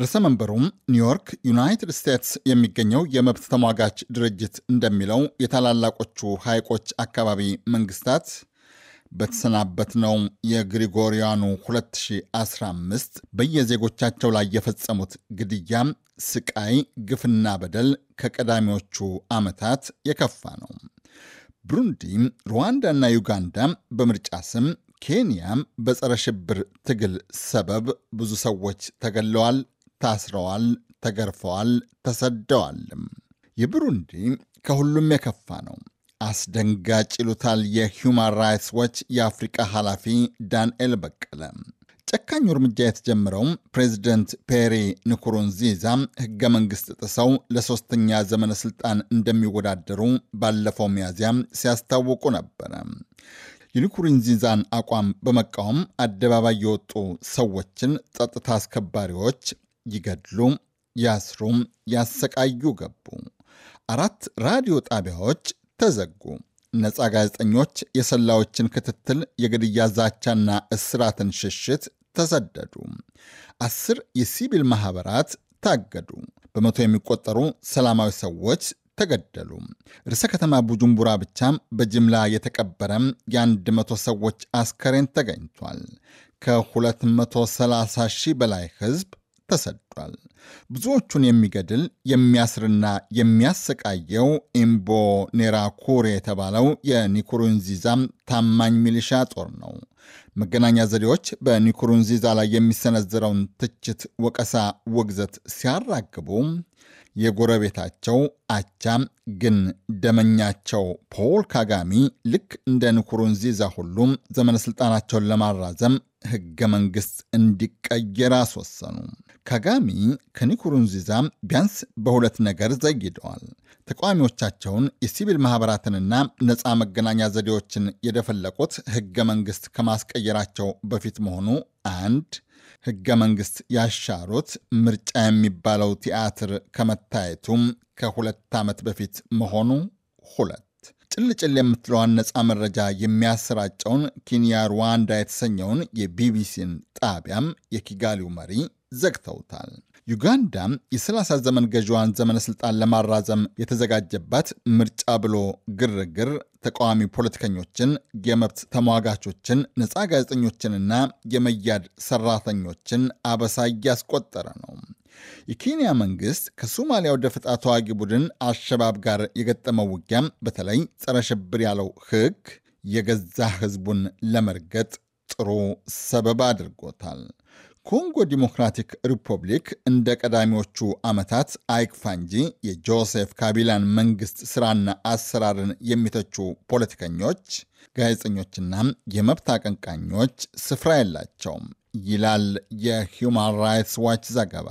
ርዕሰ መንበሩም ኒውዮርክ ዩናይትድ ስቴትስ የሚገኘው የመብት ተሟጋች ድርጅት እንደሚለው የታላላቆቹ ሐይቆች አካባቢ መንግስታት በተሰናበት ነው። የግሪጎሪያኑ 2015 በየዜጎቻቸው ላይ የፈጸሙት ግድያ፣ ስቃይ፣ ግፍና በደል ከቀዳሚዎቹ ዓመታት የከፋ ነው። ብሩንዲ፣ ና ዩጋንዳ በምርጫ ስም ኬንያም በጸረ ሽብር ትግል ሰበብ ብዙ ሰዎች ተገለዋል፣ ታስረዋል፣ ተገርፈዋል፣ ተሰደዋልም። የብሩንዲ ከሁሉም የከፋ ነው። አስደንጋጭ ይሉታል የሁማን ራይትስ ዎች የአፍሪቃ ኃላፊ ዳንኤል በቀለ። ጨካኙ እርምጃ የተጀመረው ፕሬዚደንት ፔሪ ንኩሩንዚዛ ህገ መንግሥት ጥሰው ለሶስተኛ ዘመነ ሥልጣን እንደሚወዳደሩ ባለፈው ሚያዝያ ሲያስታውቁ ነበረ። የንኩሩንዚዛን አቋም በመቃወም አደባባይ የወጡ ሰዎችን ጸጥታ አስከባሪዎች ይገድሉ፣ ያስሩ ያሰቃዩ ገቡ። አራት ራዲዮ ጣቢያዎች ተዘጉ። ነፃ ጋዜጠኞች የሰላዮችን ክትትል፣ የግድያ ዛቻና እስራትን ሽሽት ተሰደዱ። አስር የሲቪል ማኅበራት ታገዱ። በመቶ የሚቆጠሩ ሰላማዊ ሰዎች ተገደሉ። ርዕሰ ከተማ ቡጁምቡራ ብቻም በጅምላ የተቀበረም የአንድ መቶ ሰዎች አስከሬን ተገኝቷል። ከ230 ሺህ በላይ ሕዝብ ተሰዷል። ብዙዎቹን የሚገድል የሚያስርና የሚያሰቃየው ኢምቦ ኔራኩር የተባለው የኒኩሩንዚዛም ታማኝ ሚሊሻ ጦር ነው። መገናኛ ዘዴዎች በኒኩሩንዚዛ ላይ የሚሰነዝረውን ትችት፣ ወቀሳ፣ ውግዘት ሲያራግቡ የጎረቤታቸው አቻም ግን ደመኛቸው ፖል ካጋሚ ልክ እንደ ንኩሩንዚዛ ሁሉም ዘመነ ሥልጣናቸውን ለማራዘም ሕገ መንግሥት እንዲቀየር አስወሰኑ። ካጋሚ ከኒኩሩንዚዛ ቢያንስ በሁለት ነገር ዘይደዋል። ተቃዋሚዎቻቸውን የሲቪል ማኅበራትንና ነፃ መገናኛ ዘዴዎችን የደፈለቁት ሕገ መንግሥት ከማስቀየራቸው በፊት መሆኑ አንድ፣ ሕገ መንግሥት ያሻሩት ምርጫ የሚባለው ቲያትር ከመታየቱም ከሁለት ዓመት በፊት መሆኑ ሁለት ጭልጭል የምትለዋን ነፃ መረጃ የሚያሰራጨውን ኪንያ ሩዋንዳ የተሰኘውን የቢቢሲን ጣቢያም የኪጋሊው መሪ ዘግተውታል። ዩጋንዳ የሰላሳ ዘመን ገዢዋን ዘመነ ስልጣን ለማራዘም የተዘጋጀባት ምርጫ ብሎ ግርግር ተቃዋሚ ፖለቲከኞችን፣ የመብት ተሟጋቾችን፣ ነፃ ጋዜጠኞችንና የመያድ ሰራተኞችን አበሳ እያስቆጠረ ነው። የኬንያ መንግስት ከሶማሊያው ደፈጣ ተዋጊ ቡድን አሸባብ ጋር የገጠመው ውጊያ በተለይ ጸረ ሽብር ያለው ህግ የገዛ ህዝቡን ለመርገጥ ጥሩ ሰበብ አድርጎታል። ኮንጎ ዲሞክራቲክ ሪፐብሊክ እንደ ቀዳሚዎቹ ዓመታት አይክፋ እንጂ የጆሴፍ ካቢላን መንግስት ስራና አሰራርን የሚተቹ ፖለቲከኞች፣ ጋዜጠኞችና የመብት አቀንቃኞች ስፍራ የላቸውም ይላል የሂውማን ራይትስ ዋች ዘገባ።